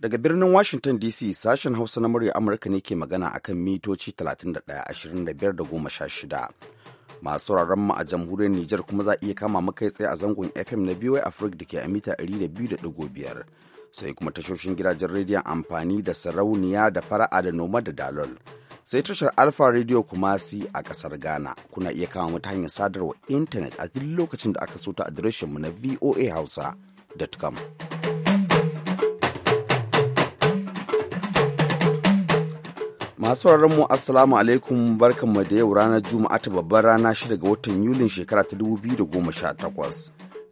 Daga birnin Washington DC sashen Hausa na murya Amurka ne ke magana a kan mitoci 31-25-16. Masu rarren mu a jamhuriyar Nijar kuma za iya kama mu kai tsaye a zangon FM na BY Africa da ke a mita 200.5. Sai kuma tashoshin gidajen rediyon amfani da sarauniya da fara'a da noma da dalol. Sai tashar Alpha Radio Kumasi a kasar Ghana kuna iya kama mata hanyar sadarwa intanet a duk lokacin da aka so ta adireshinmu na voahausa.com. masu mu assalamu alaikum barkanmu da yau ranar juma'a ta babbar rana shida ga watan yulin shekara ta 2018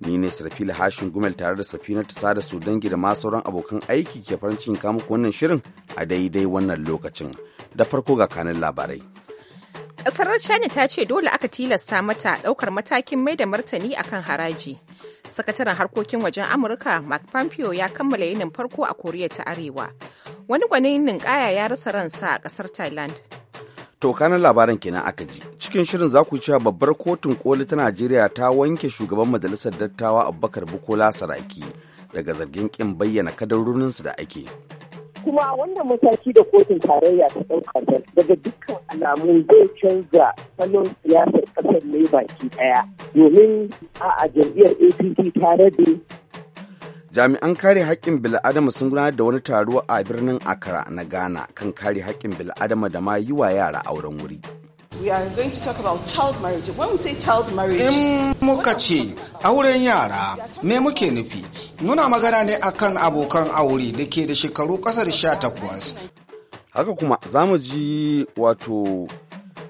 ni ne sarfila hashin gumel tare da safina ta sada su dangi da masu sauran abokan aiki ke farin cikin kamu wannan shirin a daidai wannan lokacin da farko ga kanin labarai ƙasar china ta ce dole aka tilasta mata daukar matakin mai da martani akan haraji sakataren harkokin wajen amurka mark pompeo ya kammala yinin farko a koriya ta arewa wani gwanin ninkaya ya rasa ransa a kasar thailand to kanan labaran kenan aka ji cikin shirin za ku cewa babbar kotun koli ta najeriya ta wanke shugaban majalisar dattawa abubakar bukola saraki daga zargin kin bayyana kadarorinsu da ake kuma wanda mataki da kotun tarayya ta ɗauka daga dukkan alamu zai canza salon siyasar ƙasar ne baki ɗaya domin a jam'iyyar apc ta da. jami'an kare haƙƙin bil'adama sun gudanar da wani taro a birnin accra na ghana kan kare haƙƙin bil'adama da ma yi wa yara auren wuri in muka ce auren yara me muke nufi? Muna magana ne akan abokan aure da ke da shekaru ƙasar sha takwas. Haka kuma za mu ji wato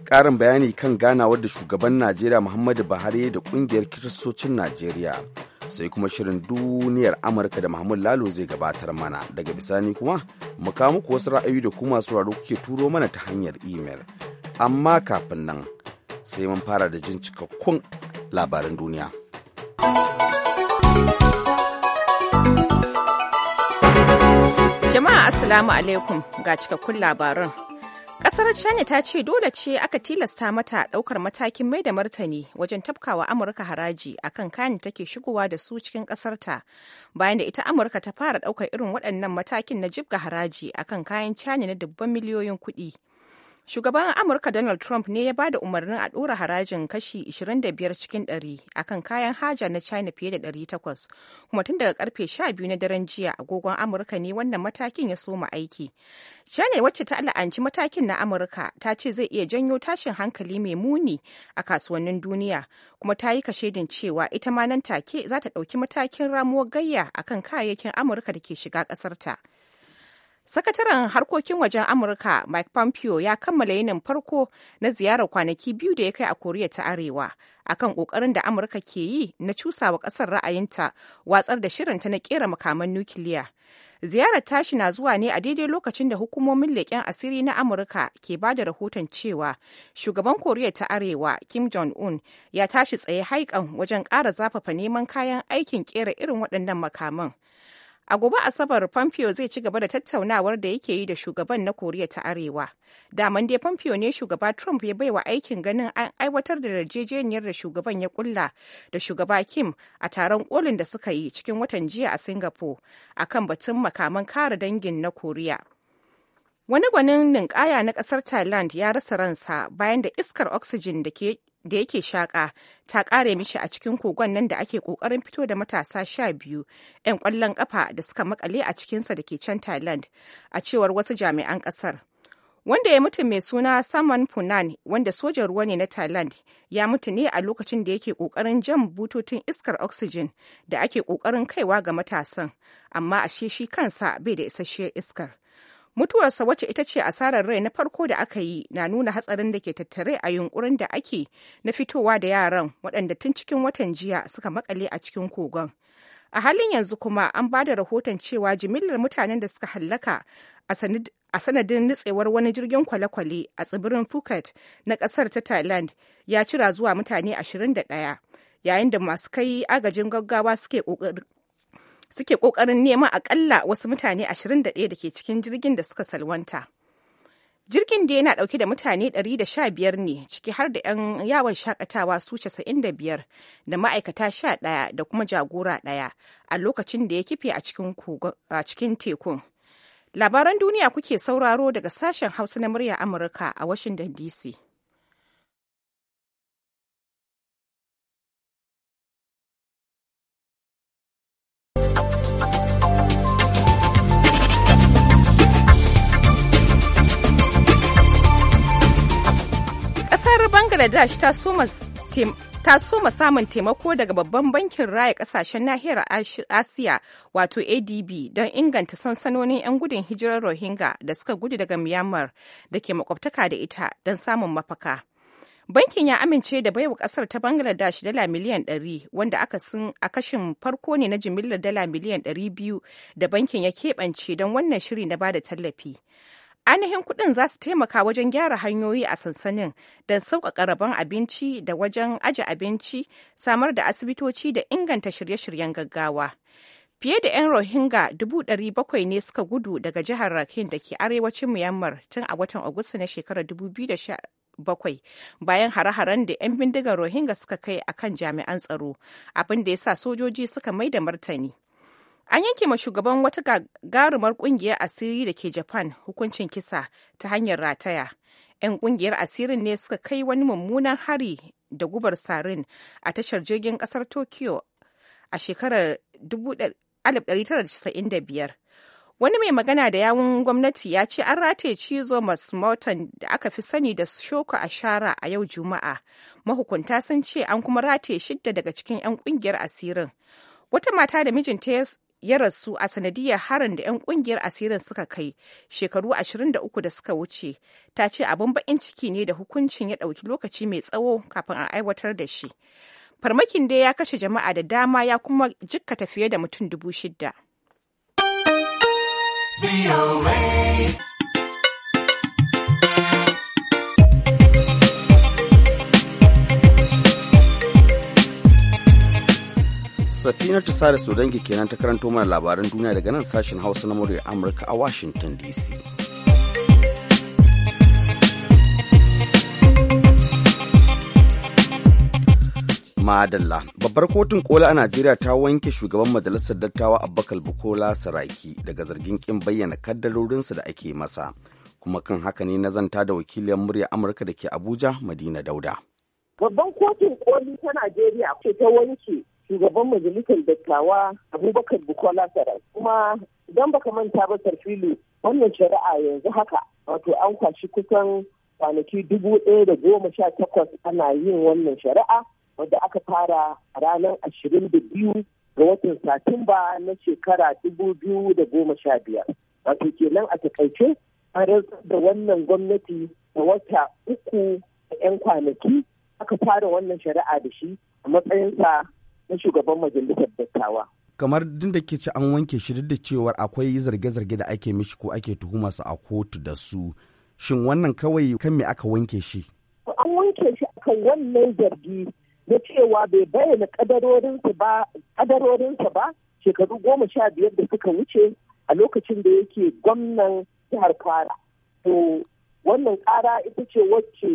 ƙarin bayani kan ganawar da shugaban Najeriya Muhammadu Buhari da ƙungiyar kiristocin Najeriya. sai kuma shirin duniyar amurka da mahmud lalo zai gabatar mana daga bisani kuma mu kawo muku wasu ra'ayi da kuma sauraro kuke turo mana ta hanyar imel amma kafin nan sai mun fara da jin cikakkun labaran duniya jama'a assalamu alaikum ga cikakkun labaran Kasar China ta ce dole ce aka tilasta mata ɗaukar matakin mai da martani wajen tafkawa Amurka haraji a kan kayan take shigowa da su cikin ƙasarta bayan da ita Amurka ta fara ɗaukar irin waɗannan matakin na jibga haraji a kan kayan China na dubban miliyoyin kuɗi Shugaban Amurka Donald Trump ne ya ba da umarnin a ɗora harajin kashi 25 cikin 100 akan kayan haja na China fiye da 800, kuma tun daga karfe 12 na daren jiya agogon Amurka ne wannan matakin ya soma aiki. China wacce ta la'anci matakin na Amurka ta ce zai iya janyo tashin hankali mai muni a kasuwannin duniya, kuma ta yi kashedin cewa ita ma nan take za ta ɗauki matakin ramuwar gayya akan kayayyakin Amurka da ke shiga ƙasarta. Sakataren harkokin wajen Amurka Mike Pompeo ya kammala yinin farko na ziyarar kwanaki biyu da ya kai a Koriya ta Arewa akan kokarin da Amurka ke yi na cusa wa kasar ra'ayinta watsar da shirinta na kera makaman nukiliya. Ziyarar tashi na zuwa ne a daidai lokacin da hukumomin leƙen asiri na Amurka ke ba da rahoton cewa shugaban Koriya ta Arewa Kim Jong-un ya tashi tsaye haikan wajen ƙara zafafa neman kayan aikin kera irin waɗannan makaman. A gobe Asabar Pompeo zai ci gaba da tattaunawar da yake yi da shugaban na Koriya ta Arewa. Daman dai Pompeo ne shugaba Trump ya baiwa aikin ganin an aiwatar da yarjejeniyar da shugaban ya kulla da shugaba Kim a taron kolin da suka yi cikin watan jiya a Singapore a kan batun makaman kare dangin na Koriya. Wani gwanin ninkaya na kasar Thailand ya rasa ransa bayan da iskar oxygen da ke da yake shaƙa ta ƙare mishi a cikin kogon nan da ake ƙoƙarin fito da matasa sha biyu 'yan ƙwallon ƙafa da suka makale a cikinsa da ke can thailand a cewar wasu jami'an ƙasar wanda ya mutu mai suna saman funan wanda sojan ruwa ne na thailand ya mutu ne a lokacin da yake ƙoƙarin jan bututun iskar oxygen da ake ƙoƙarin kaiwa ga matasan amma ashe shi kansa bai da isasshiyar iskar Mutuwarsa wacce ita ce asarar rai na farko da aka yi na nuna hatsarin da ke tattare a yunkurin da ake na fitowa da yaran waɗanda tun cikin watan jiya suka makale a cikin kogon. A halin yanzu kuma an ba da rahoton cewa jimillar mutanen da suka hallaka a sanadin nutsewar wani jirgin kwale-kwale a tsibirin Phuket na ƙasar ta Thailand ya cira zuwa mutane 21 yayin da masu kai agajin gaggawa suke suke ƙoƙarin neman akalla wasu mutane 21 da ke cikin jirgin da suka salwanta. Jirgin da yana dauke da mutane 115 ne ciki har da 'yan yawon shakatawa su 95 da ma'aikata 11 da kuma jagora ɗaya a lokacin da ya kife a cikin tekun. Labaran duniya kuke sauraro daga sashen Hausa na murya Amurka a Washington DC. kasar bangladesh ta soma samun taimako daga babban bankin raya kasashen nahiyar asiya wato adb don inganta sansanonin 'yan gudun hijirar rohingya da suka gudu daga myanmar da ke makwabtaka da ita don samun mafaka bankin ya amince da baiwa kasar ta bangladesh dala miliyan 100 wanda aka sun a kashin farko ne na jimillar dala miliyan 200 da bankin ya keɓance don wannan shiri na bada tallafi ainihin kuɗin za su taimaka wajen gyara hanyoyi a sansanin don sauƙaƙa rabon abinci da wajen aje abinci samar da asibitoci da inganta shirye-shiryen gaggawa fiye da 'yan rohingya bakwai ne suka gudu daga jihar rakhine da ke arewacin myanmar tun a watan agusta na shekarar 2017 bayan hare-haren da 'yan bindigar rohingya suka kai a kan jami'an tsaro abin da ya sa sojoji suka mai da martani An yanke ma shugaban wata garumar kungiyar asiri da ke Japan hukuncin kisa ta hanyar rataya. 'Yan kungiyar asirin ne suka kai wani mummunan hari da gubar sarin a tashar jirgin kasar Tokyo a shekarar 1995. Wani mai magana da yawun gwamnati ya ce an rataye cizo Morton da aka fi sani da Shoko a shara a yau Juma'a. Mahukunta sun ce an kuma rataye shidda daga cikin 'yan kungiyar asirin. Wata mata da mijinta ya rasu a sanadiyar harin da 'yan kungiyar asirin suka kai shekaru 23 da suka wuce ta ce abin bakin ciki ne da hukuncin ya ɗauki lokaci mai tsawo kafin a aiwatar da shi farmakin dai ya kashe jama'a da dama ya kuma jikkata fiye da mutum dubu shidda. safina ta sada su dangi kenan ta karanto mana labaran duniya daga nan sashen hausa na murya amurka a washington dc madalla babbar kotun kola a najeriya ta wanke shugaban majalisar dattawa abubakar bukola saraki daga zargin kin bayyana kaddarorinsa da ake masa kuma kan haka ne na zanta da wakiliyar murya amurka da ke abuja madina dauda babban kotun koli ta najeriya ce ta wanke shugaban majalisar dattawa abubakar bukola sarai kuma idan baka manta ba sarfilu wannan shari'a yanzu haka wato an kwashi kusan kwanaki dubu ɗaya da goma sha takwas ana yin wannan shari'a wadda aka fara a ranar ashirin da biyu ga watan satumba na shekara dubu biyu da goma sha biyar wato kenan a takaice an rantsar da wannan gwamnati da wata uku da 'yan kwanaki aka fara wannan shari'a da shi a matsayinsa na shugaban majalisar dattawa. Kamar duk da ke ci an wanke shi duk da cewar akwai zarge-zarge da ake mishi ko ake tuhuma su a kotu da su. Shin wannan kawai kan me aka wanke shi? An wanke shi akan wannan zargi na cewa bai bayyana kadarorinsa ba kadarorinsa ba shekaru goma sha biyar da suka wuce a lokacin da yake gwamnan jihar Kwara. To wannan kara ita ce wacce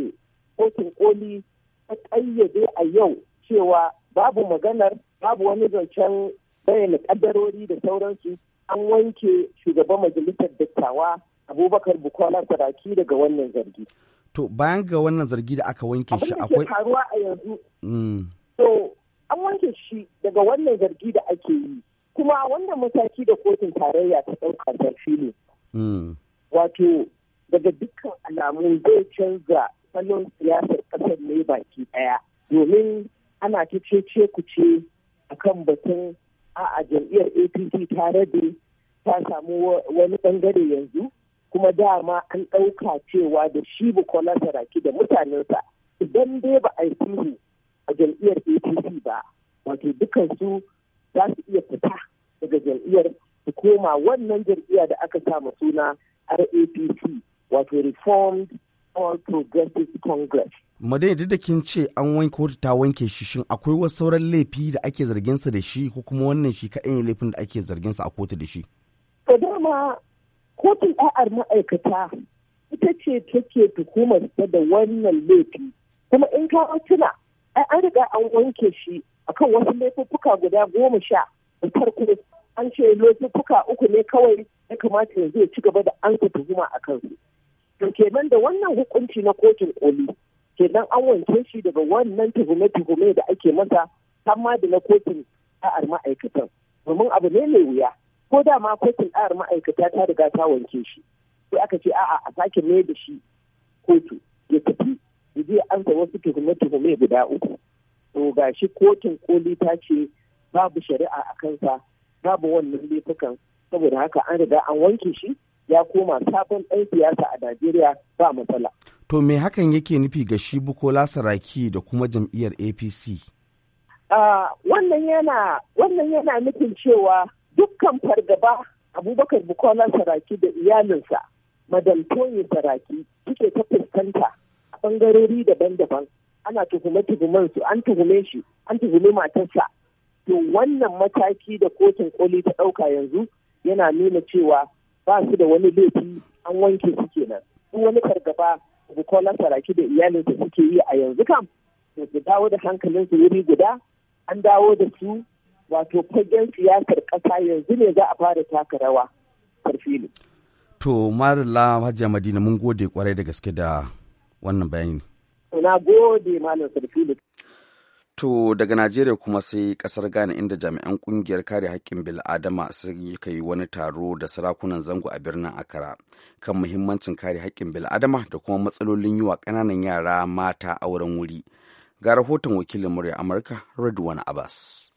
kotun koli ta ƙayyade a yau cewa babu maganar babu wani zancen bayyana kaddarori da sauransu an wanke shugaban majalisar dattawa abubakar bukola saraki daga wannan zargi to bayan ga wannan zargi da aka wanke shi akwai faruwa a yanzu to mm. an wanke shi daga wannan zargi da ake yi kuma wannan mataki da kotun tarayya ta ɗauka zarfi ne mm. wato daga dukkan alamu zai canza salon siyasar ƙasar ne baki ɗaya domin ana ta cece ku ce a kan batun a jam'iyyar apc ta rabe ta samu wani bangare yanzu kuma dama an ɗauka cewa da shi bukola saraki da mutanensa idan dai ba a yi a jam'iyyar apc ba wato dukansu za su iya fita daga jam'iyyar su koma wannan jam'iyya da aka samu suna rapc wato reformed All Progressive Congress. Madai duk da kin ce an wanke kotu ta wanke shi shin akwai wasu sauran laifi da ake zargin sa da shi ko kuma wannan shi kaɗai ne laifin da ake zargin sa a kotu da shi. Da dama kotun ɗa'ar ma'aikata ita ce take tuhumar ta da wannan laifi kuma in ka tuna an riga an wanke shi akan wasu laifuffuka guda goma sha da farko an ce laifuffuka uku ne kawai ya kamata ya zai ci gaba da an tuhuma a kansu. to kenan da wannan hukunci na kotun koli kenan an wanke shi daga wannan tuhume-tuhume da ake masa ma da na kotun ɗa'ar ma'aikatan domin abu ne mai wuya ko da ma kotun ɗa'ar ma'aikata ta riga ta wanke shi sai aka ce a'a a sake mai da shi kotu ya tafi ya je an wasu tuhume-tuhume guda uku to ga shi kotun koli ta ce babu shari'a a kansa babu wannan laifukan saboda haka an riga an wanke shi ya koma sabon ɗan siyasa a Najeriya ba matsala. To me hakan yake nufi ga shi Bukola Saraki da kuma jam'iyyar APC? Ah, wannan yana nufin cewa dukkan fargaba Abubakar Bukola Saraki da iyalinsa madaltoyin saraki suke ta fuskanta a bangarori daban-daban ana tuhume-tuhumen su an tuhume shi an tuhume matarsa to wannan mataki da kotun koli ta ɗauka yanzu yana nuna cewa ba su da wani laifi an wanke su kenan duk wani fargaba bukola saraki da iyalinsa suke yi a yanzu kam da su dawo da hankalin su wuri guda an dawo da su wato fagen siyasar ƙasa yanzu ne za a fara taka rawa ne. To Marla hajji Madina mun gode kwarai da gaske da wannan bayani. Na gode Malam Sarfilu. To daga Najeriya kuma sai kasar Ghana inda jami'an kungiyar kare haƙƙin bil'adama suka yi wani taro da sarakunan zango a birnin Akara kan muhimmancin kare haƙƙin bil'adama da kuma matsalolin yi wa ƙananan yara mata auren wuri. Ga rahoton wakilin murya Amurka, redwan Abbas.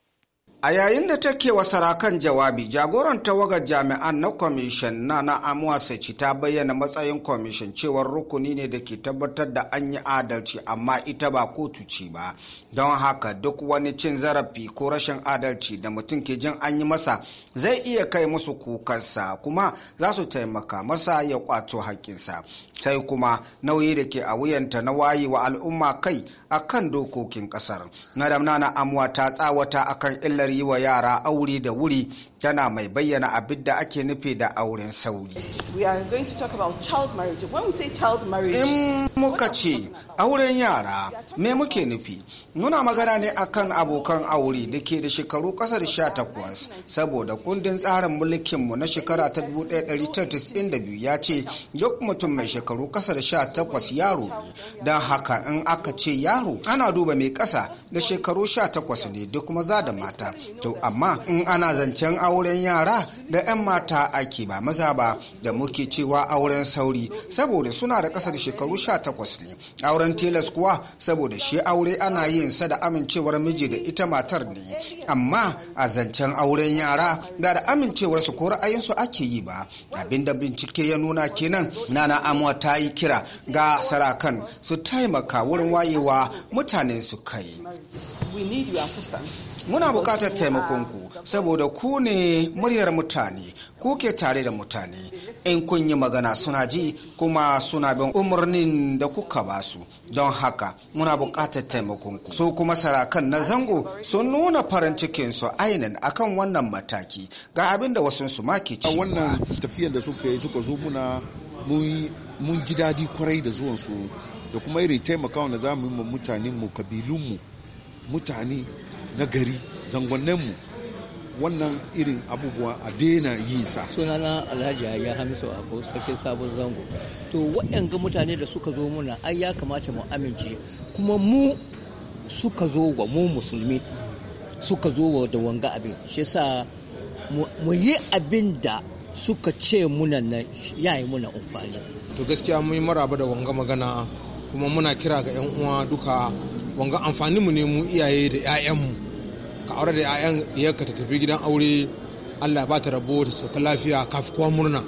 A yayin da take wa sarakan jawabi, jagoran tawagar jami'an na kwamishin na na sai ta bayyana matsayin kwamishin cewar rukuni ne da ke tabbatar da an yi adalci amma ita ba kotu ce ba. Don haka duk wani cin zarafi ko rashin adalci da mutum ke jin an yi masa zai iya kai musu kukansa kuma za su taimaka masa ya kwato haƙƙinsa sai kuma nauyi da ke a wuyanta na wayi wa al'umma kai a kan dokokin ƙasar na nana amuwa ta tsawata akan illar yi wa yara aure da wuri tana mai bayyana abin da ake nufi da auren sauri. In muka ce auren yara me muke nufi? Muna magana ne akan abokan aure da ke da shekaru ƙasar 18 saboda kundin tsarin mulkinmu na shekara ta 1992 ya ce duk mutum mai shekaru ƙasar 18 yaro ne don haka in aka ce yaro ana duba mai ƙasa da shekaru 18 ne duk maza da mata. To amma in ana zancen aure auren yara da 'yan mata ake ba maza ba da muke cewa auren sauri saboda suna da ƙasar shekaru 18 ne auren telas kuwa saboda shi aure ana yin sa da amincewar miji da ita matar ne amma a zancen auren yara da da amincewar su ko ra'ayinsu ake yi ba abinda bincike ya nuna kenan nana amuwa ta yi kira ga sarakan su taimaka wurin wayewa mutanen su kai muna bukatar taimakonku saboda ku ne muryar mutane ku ke tare da mutane in kun yi magana suna ji kuma suna bin umarnin da kuka ba su don haka muna bukatar taimakonku ku kuma sarakan na zango sun nuna farin cikin su ainin akan wannan mataki ga abin da wasu su ma ci wannan tafiyar da suka yi suka zo muna mun ji daɗi kwarai da zuwan su da kuma irin taimakawa da za mu mutanen mu kabilun mu mutane na gari mu wannan irin abubuwa a daina yi sa sunana alhaji ya hamisu a sarkin sabon zango to waɗanga mutane da suka zo muna ai ya kamata mu amince kuma mu suka zo wa mu musulmi suka zo wa da wanga abin shi sa mu yi abin da suka ce muna nan ya yi muna amfani to gaskiya mun yi maraba da wanga magana kuma muna kira ga 'yan uwa duka wanga amfaninmu ne mu iyaye da 'ya'yanmu ka aure da 'ya'yan diyarka ta tafi gidan aure allah ba ta rabo ta sauka lafiya kafi kowa murna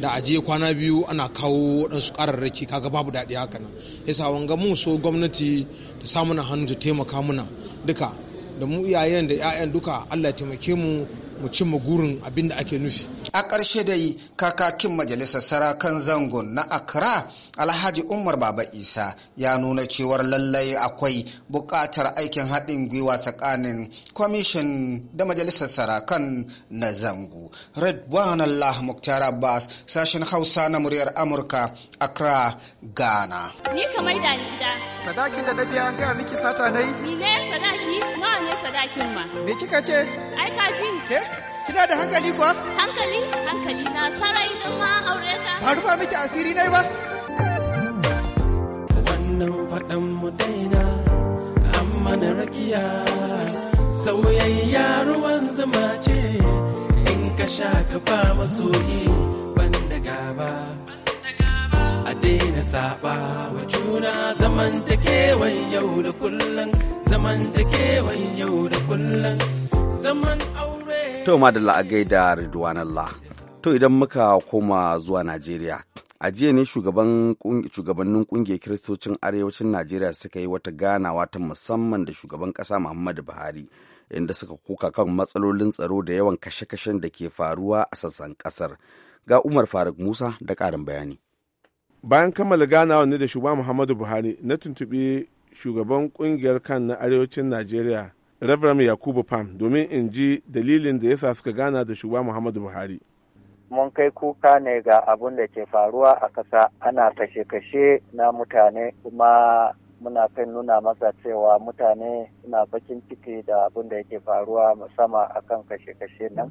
da aji kwana biyu ana kawo waɗansu ƙararraki kaga babu daɗi haka nan yasa wanga mun so gwamnati ta samu na hannu ta taimaka muna duka da mu iyayen da 'ya'yan duka allah ya taimake mu mu cimma gurin abin da ake nufi a ƙarshe dai kakakin majalisar sarakan zangon na accra alhaji umar baba isa ya nuna cewar lallai akwai buƙatar aikin haɗin gwiwa tsakanin kwamishin da majalisar sarakan na zango redwan allah muktar abbas sashen hausa na muryar amurka accra ghana ni ka maida ni gida sadakin da na biya an gaya miki sata na ni ne sadaki nawa ne sadakin ma me kika ce ai ka ji ke kina da hankali kuwa hankali hankali hankali na sarai don ma aure ka ba rufa miki asiri nai ba wannan faɗan mu daina amma na rakiya sauyayya ruwan zama ce in ka sha ka ba ban banda gaba a daina saba wa juna zamantakewan yau da kullum zamantakewan yau da kullum zaman aure To madalla a gaida Ridwan Allah. To idan muka koma zuwa Najeriya. A jiya ne shugabannin kungiyar kiristocin arewacin Najeriya suka yi wata ganawa ta musamman da shugaban kasa Muhammadu Buhari inda suka kuka kan matsalolin tsaro da yawan kashe-kashen da ke faruwa a sassan kasar. Ga Umar Faruk Musa da karin bayani. Bayan kammala ganawa ne da shugaban Muhammadu Buhari na tuntuɓi shugaban kungiyar kan na arewacin Najeriya Reverend Yakubu Pam domin in ji dalilin da yasa suka gana da shugaba Muhammadu Buhari. Mun kai kuka ne ga abun da ke faruwa a kasa ana kashe-kashe na mutane kuma muna kan nuna masa cewa mutane suna bakin ciki da abun da yake faruwa musamman akan kashe-kashe nan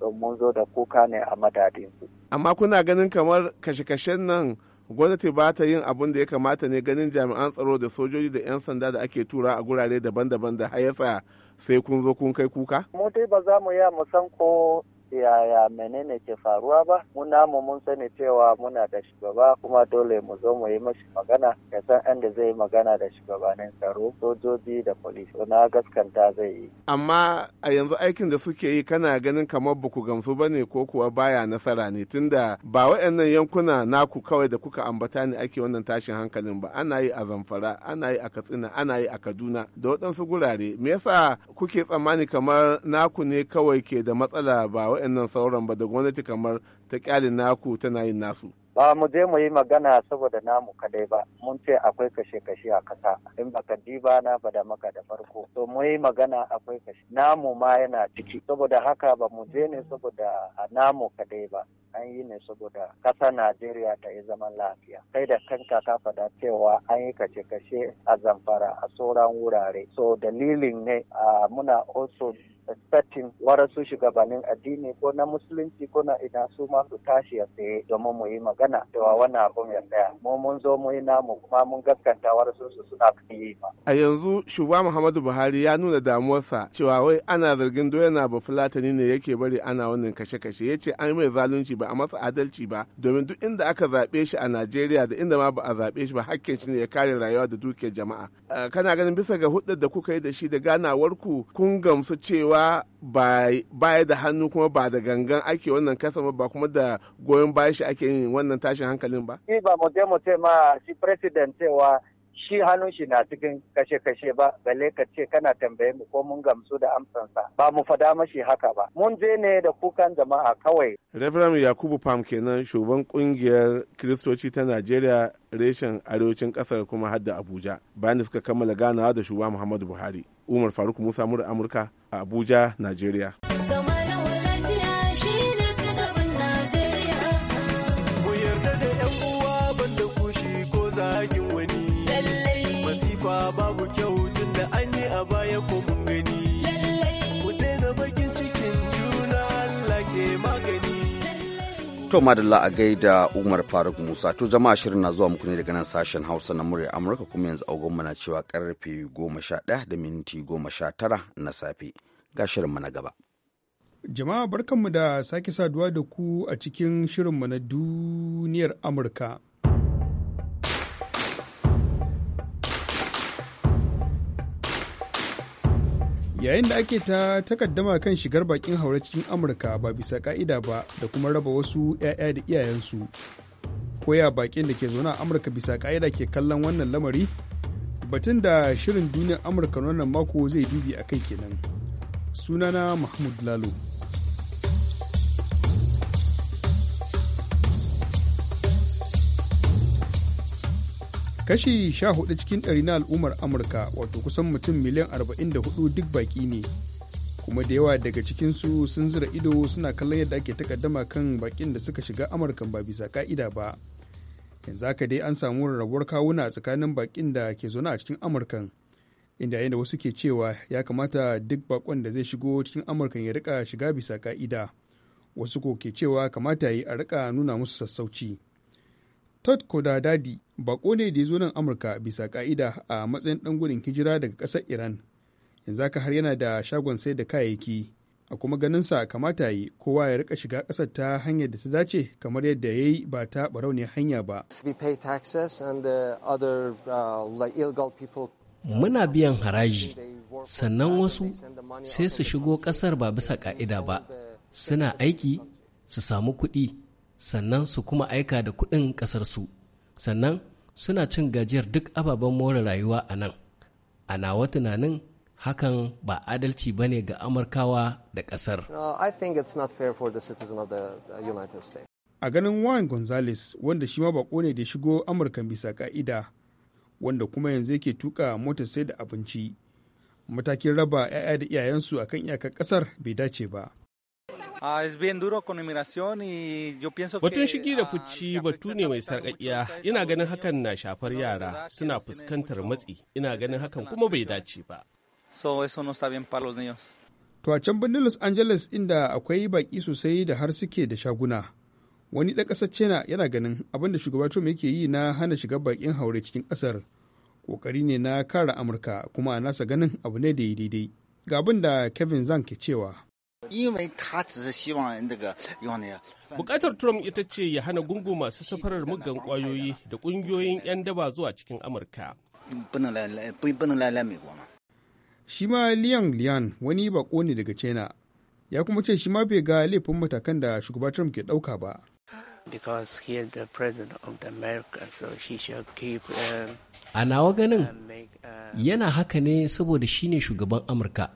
don mun zo da kuka ne a madadinsu. Amma kuna ganin kamar kashe-kashen nan gwamnati ba ta yin abin da ya kamata ne ganin jami'an tsaro da sojoji da 'yan sanda da ake tura a gurare daban-daban da hayasa sai kun zo kun kai kuka? mu dai ba za mu yi mu san ko yaya menene ke faruwa ba mu namu mun sani cewa muna da shugaba kuma dole mu zo mu yi mashi magana ya san inda zai yi magana da shugabanin tsaro sojoji da polisi na gaskanta zai yi amma a yanzu aikin da suke yi kana ganin kamar baku gamsu bane ko kuwa baya nasara ne tunda ba waɗannan yankuna naku kawai da kuka ambata ne ake wannan tashin hankalin ba ana yi a zamfara ana yi a katsina ana yi a kaduna da waɗansu gurare me yasa kuke tsammani kamar naku ne kawai ke da matsala ba waɗannan sauran ba da gwamnati kamar ta kyale naku tana yin nasu ba mu je mu yi magana saboda namu kadai ba mun ce akwai kashe-kashe a kasa in baka diba na bada maka da farko to mu yi magana akwai kashe namu ma yana ciki saboda haka ba mu je ne saboda a namu kadai ba an yi ne saboda kasa Najeriya ta yi zaman lafiya kai da kanka ka faɗa cewa an yi kashe-kashe a zamfara a sauran wurare so dalilin ne muna also expecting su shugabannin addini ko na musulunci ko na ina su ma su tashi ya tsaye domin mu yi magana cewa wannan abun ya tsaya mu mun zo mu yi namu kuma mun gaskanta waɗansu su suna yi ba. a yanzu shugaba muhammadu buhari ya nuna damuwarsa cewa wai ana zargin doya na ba fulatani ne yake bari ana wannan kashe-kashe ya ce an mai zalunci ba a masa adalci ba domin duk inda aka zaɓe shi a najeriya da inda ma ba a zaɓe shi ba hakkin shi ne ya kare rayuwa da dukiyar jama'a kana ganin bisa ga hudar da kuka yi da shi da ganawar ku kun gamsu cewa cewa baya da hannu kuma ba da gangan ake wannan kasama ba kuma da goyon bayan shi ake yin wannan tashin hankalin ba? Shi ba mu je mu ce ma shi president cewa shi hannun shi na cikin kashe-kashe ba balle ka ce kana tambaye mu ko mun gamsu da amsansa ba mu fada mashi haka ba mun je ne da kukan jama'a kawai Reverend Yakubu Pam kenan shugaban kungiyar Kiristoci ta Najeriya reshen arewacin kasar kuma hadda Abuja bayan da suka kammala ganawa da shugaba Muhammadu Buhari Umar Faruk Musa Mura Amurka a Abuja Najeriya To madalla a gaida Umar Faruk Musa to jama'a shirin na zuwa muku ne daga nan sashen Hausa na murya Amurka kuma yanzu a na cewa karfe 11 da minti goma sha tara na safe ga shirinmu na gaba. Jama'a barkanmu da sake saduwa da ku a cikin shirinmu na duniyar Amurka. yayin da ake ta takaddama kan shigar bakin haure cikin amurka ba bisa ka'ida ba da kuma raba wasu 'ya'ya da iyayensu koya bakin da ke zaune a amurka bisa ka'ida ke kallon wannan lamari batun da shirin duniyar amurka wannan mako zai dubi a kai kenan sunana mahmud lalo kashi sha hudu cikin ɗari na al'ummar amurka wato kusan mutum miliyan hudu duk baki ne kuma da yawa daga cikinsu sun zira ido suna kallon yadda ake takaddama kan bakin da suka shiga amurka ba bisa ka'ida ba yanzu haka dai an samu rarrabuwar kawuna tsakanin bakin da ke zaune a cikin amurkan inda yayin wasu ke cewa ya kamata duk bakon da zai shigo cikin amurkan ya rika shiga bisa ka'ida wasu ko ke cewa kamata ya yi a rika nuna musu sassauci Todd Kodadadi bako ne da ya zo nan amurka bisa ka'ida a matsayin dan gudun hijira daga ƙasar iran yanzu haka har yana da shagon sai da kayayyaki a kuma ganin sa kamata yi kowa ya rika shiga ƙasar ta hanyar da ta dace kamar yadda ya yi ba ta ne hanya ba uh, uh, muna biyan haraji sannan wasu sai su shigo ƙasar ba bisa ka'ida ba suna aiki su samu kuɗi sannan su kuma aika da kuɗin ƙasarsu sannan suna cin gajiyar duk ababen more rayuwa a nan a nawa tunanin hakan ba adalci ba ne ga amurkawa da ƙasar. Uh, a ganin juan gonzales wanda shi ma bako ne da shigo amurka bisa ka'ida wanda kuma yanzu yake tuka mota sai da abinci matakin raba 'ya'ya da iyayensu akan iyakar ƙasar bai dace ba Ah, Batun shigi da ah, fuci batu ne mai sarƙaƙiya. Ina ganin hakan na shafar yara suna fuskantar matsi. Ina ganin hakan kuma bai dace ba. To a can birnin Los Angeles inda akwai baƙi sosai da har suke da shaguna. Wani ɗan ƙasar China yana ganin abin da shugaba Trump yake yi na hana shiga baƙin haure cikin ƙasar. Ƙoƙari ne na kare Amurka kuma a nasa ganin abu ne da daidai. Ga abin da Kevin zan ke cewa. 因为他只是希望那个用那个。Bukatar Trump ita ce ya hana gungu masu safarar mugan kwayoyi da kungiyoyin 'yan daba zuwa cikin Amurka. Shi ma Liang Liang wani bako ne daga China, ya kuma ce shi ma bai ga laifin matakan da shugaba Trump ke ɗauka ba. a nawa ganin yana haka ne saboda shi ne shugaban amurka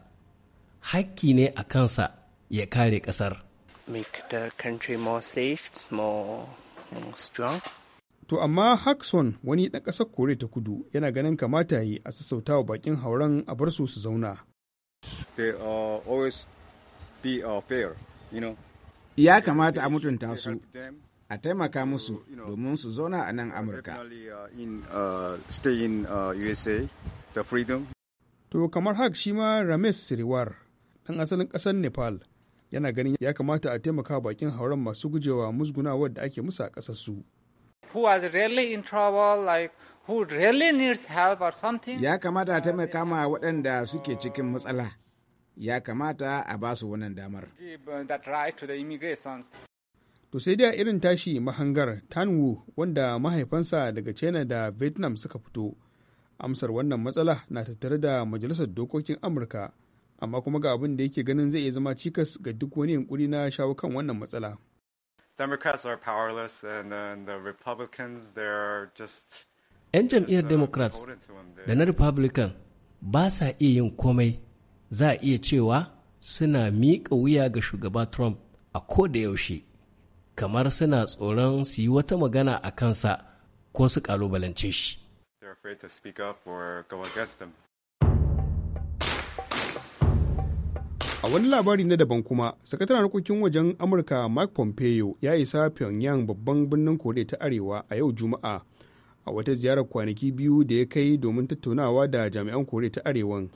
hakki ne a kansa ya kare ƙasar. To amma Hakson wani ɗan ƙasar Kore ta kudu yana ganin kamata yi a wa bakin hauren a bar su su zauna. Ya kamata a mutunta su, a taimaka musu domin su zauna a nan Amurka. Uh, uh, uh, to kamar hak shi ma Ramesh Siriwar, ɗan asalin ƙasar Nepal, yana ganin ya kamata a taimaka bakin hauran masu gujewa musguna da ake musu a ƙasarsu. Who was really in trouble, like who really needs help or something. Ya kamata a taimaka ma waɗanda suke cikin matsala. Ya kamata a ba su wannan damar. Uh, to sai dai irin tashi mahangar Tanwu wanda mahaifansa daga China da Vietnam suka fito. Amsar wannan matsala na tattare da Majalisar Dokokin Amurka. amma kuma ga abin da yake ganin zai iya zama cikas ga duk wani yankuri na shawo kan wannan matsala. Democrats are powerless and then the Republicans they're just 'Yan jam'iyyar Democrats da na Republican ba sa iya yin komai za a iya cewa suna miƙa wuya ga shugaba Trump a ko da yaushe kamar suna tsoron su yi wata magana a kansa ko su ƙalubalance shi. a wani labari na daban kuma sakataren harkokin wajen amurka mark pompeo ya isa pyongyang babban birnin koriya ta arewa a yau juma'a a wata ziyarar kwanaki biyu da ya kai domin tattaunawa da jami'an koriya ta arewan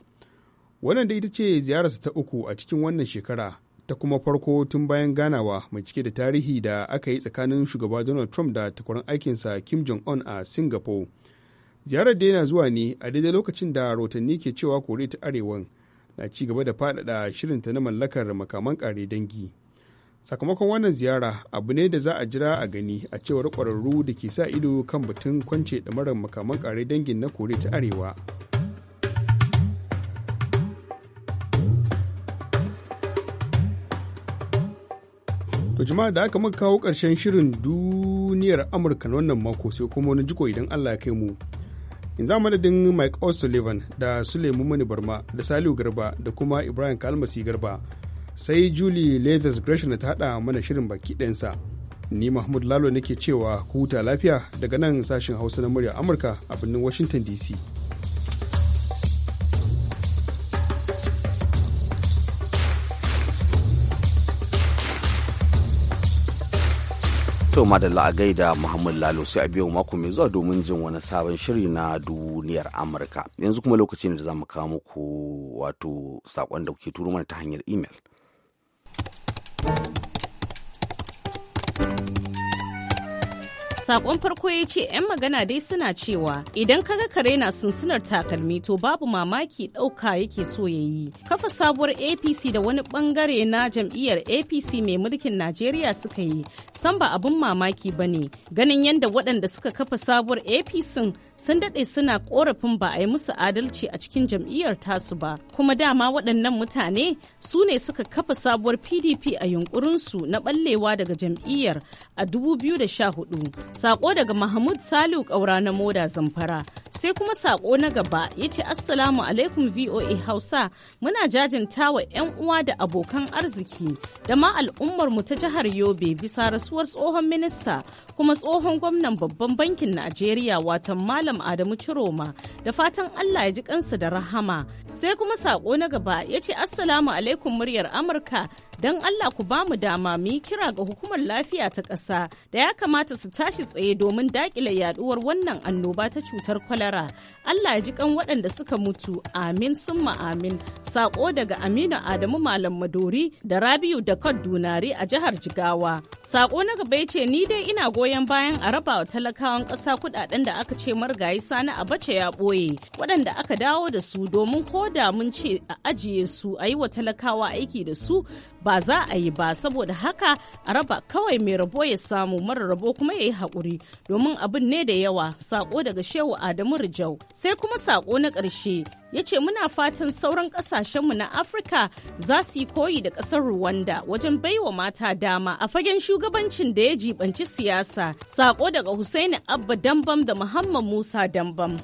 wannan da ita ce ziyararsa ta uku a cikin wannan shekara ta kuma farko tun bayan ganawa mai cike da tarihi da aka yi tsakanin shugaba donald trump da takwarar aikinsa kim jong-un a singapore ziyarar da yana zuwa ne a daidai lokacin da rotanni ke cewa koriya ta arewan na ci gaba da faɗaɗa shirinta na mallakar makaman ƙare dangi sakamakon wannan ziyara abu ne da za a jira a gani a cewar ƙwararru da ke sa ido kan batun kwance ɗamarar makaman ƙare dangin na kore ta arewa To jama'a da aka muka kawo ƙarshen shirin duniyar Amurka na wannan mako sai kuma wani jiko idan Allah ya kai mu. yanzu madadin mike o'sullivan da sulemu mani barma da saliu garba da kuma ibrahim kalmasi garba sai julie leathers gresham ta hada mana shirin baki ɗansa ni mahmud lalo nake cewa ku huta lafiya daga nan sashen hausa na murya amurka a birnin washington dc To madalla a gaida Muhammad Lalo sai a biyo mako mai zuwa domin jin wani sabon shiri na duniyar Amurka. Yanzu kuma lokaci ne da za mu kawo muku wato sakon da kuke turo mana ta hanyar imel. Sakon farko ya ce 'yan magana dai suna cewa idan kaga kare na sunsunar takalmi to babu mamaki ɗauka yake so ya yi. Kafa sabuwar APC da wani bangare na jam'iyyar APC mai mulkin Najeriya suka yi san ba abin mamaki ba ne ganin yadda waɗanda suka kafa sabuwar APC sun daɗe suna korafin ba a yi musu adalci a cikin jam'iyyar tasu ba kuma dama waɗannan mutane su ne suka kafa sabuwar pdp a yunkurinsu na ɓallewa daga jam'iyyar a 2014 Saƙo daga mahmud Salihu ƙaura na moda zamfara sai kuma sako na gaba ya ce assalamu alaikum voa hausa muna jajinta wa 'yan uwa da abokan arziki da ma al'ummar mu ta jihar yobe bisa rasuwar tsohon minista kuma tsohon gwamnan babban bankin najeriya watan malam adamu ciroma da fatan allah ya ji kansa da rahama sai kuma sako na gaba ya ce assalamu alaikum muryar amurka don Allah ku ba mu dama mu kira ga hukumar lafiya ta ƙasa da ya kamata su tashi tsaye domin daƙile yaduwar wannan annoba ta cutar kwalara. Allah ya ji kan waɗanda suka mutu amin summa amin. Saƙo daga Aminu Adamu Malam Madori da Rabiu da Kadunari a jihar Jigawa. Saƙo na gaba ya ce ni dai ina goyon bayan a raba wa talakawan ƙasa kuɗaɗen da aka ce marigayi sani a bace ya ɓoye waɗanda aka dawo da su domin ko da mun ce a ajiye su a yi wa talakawa aiki da su ba za a yi ba saboda haka a raba kawai mai rabo ya samu mara rabo kuma ya yi haƙuri domin abin ne da yawa sako daga shehu adamu rijau sai kuma sako na ƙarshe ya ce muna fatan sauran ƙasashenmu na afirka za su yi koyi da ƙasar rwanda wajen baiwa mata dama a fagen shugabancin da ya jibanci siyasa sako daga husaini abba dambam da muhammad musa dambam.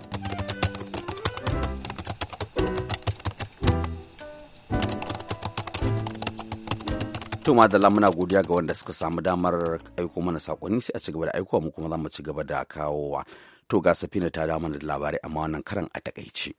to madalla muna godiya ga wanda suka samu damar aiko mana sakonni sai a ci gaba da aikowa mu kuma za mu ci gaba da kawowa to ga safina ta da mana labarai amma wannan karan a takaice.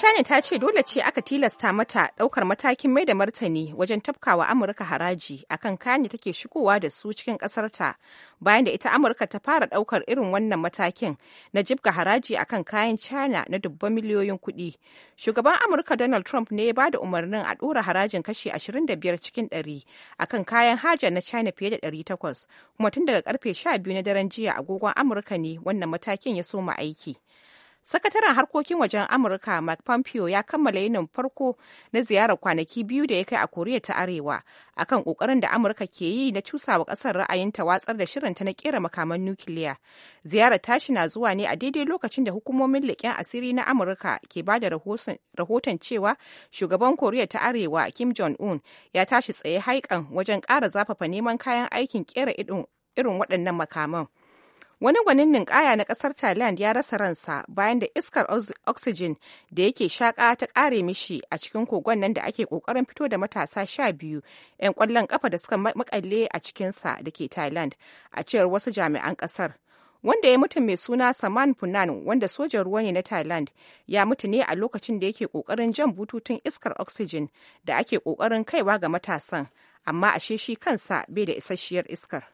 China ta ce dole ce aka tilasta mata ɗaukar matakin mai da martani wajen tafkawa Amurka haraji akan kayan da take shigowa da su cikin ƙasarta bayan da ita Amurka ta fara ɗaukar irin wannan matakin na jibga haraji akan kayan China na dubban miliyoyin kuɗi. Shugaban Amurka Donald Trump ne ya bada umarnin a ɗora harajin kashi 25 cikin 100 akan kayan haja na China fiye da 800 kuma tun daga karfe 12 na daren jiya agogon Amurka ne wannan matakin ya soma aiki. Sakataren harkokin wajen Amurka Mike Pompeo ya kammala yinin farko na ziyarar kwanaki biyu da ya kai a Koriya ta Arewa akan kokarin da Amurka ke yi na cusawa kasar ra'ayinta watsar da shirinta na kera makaman nukiliya. Ziyarar tashi na zuwa ne a daidai lokacin da hukumomin leƙen asiri na Amurka ke ba da rahoton cewa shugaban Koriya ta Arewa Kim Jong-un ya tashi tsaye haikan wajen ƙara zafafa neman kayan aikin kera irin waɗannan makaman. Wani gwanin ninkaya na kasar Thailand ya rasa ransa bayan da iskar oxygen da yake shaƙa ta kare mishi a cikin kogon nan da ake kokarin fito da matasa sha biyu 'yan ƙwallon kafa da suka makalle a cikinsa da ke Thailand, a cewar wasu jami'an ƙasar. wanda ya mutu mai suna Saman Funan wanda sojan ruwa ne na Thailand ya mutu ne a lokacin da yake kokarin jan bututun iskar oxygen da ake kokarin kaiwa ga matasan amma ashe shi kansa bai da isasshiyar iskar.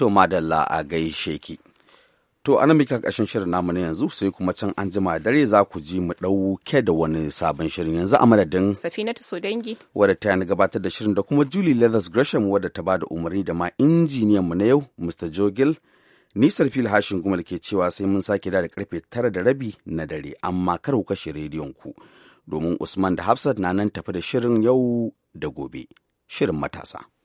to madalla a gaishe ki to ana mika ƙarshen shirin namu na yanzu sai kuma can an jima dare za ku ji mu ɗauke da wani sabon shirin yanzu a madadin safinatu sodangi wadda ta yana gabatar da shirin da kuma julie leathers gresham wadda ta ba da umarni da ma injiniyan mu na yau mr jogil Nisar fil hashin gumal ke cewa sai mun sake da karfe tara da rabi na dare amma kar ku kashe rediyon ku domin Usman da Hafsat na nan tafi da shirin yau da gobe shirin matasa.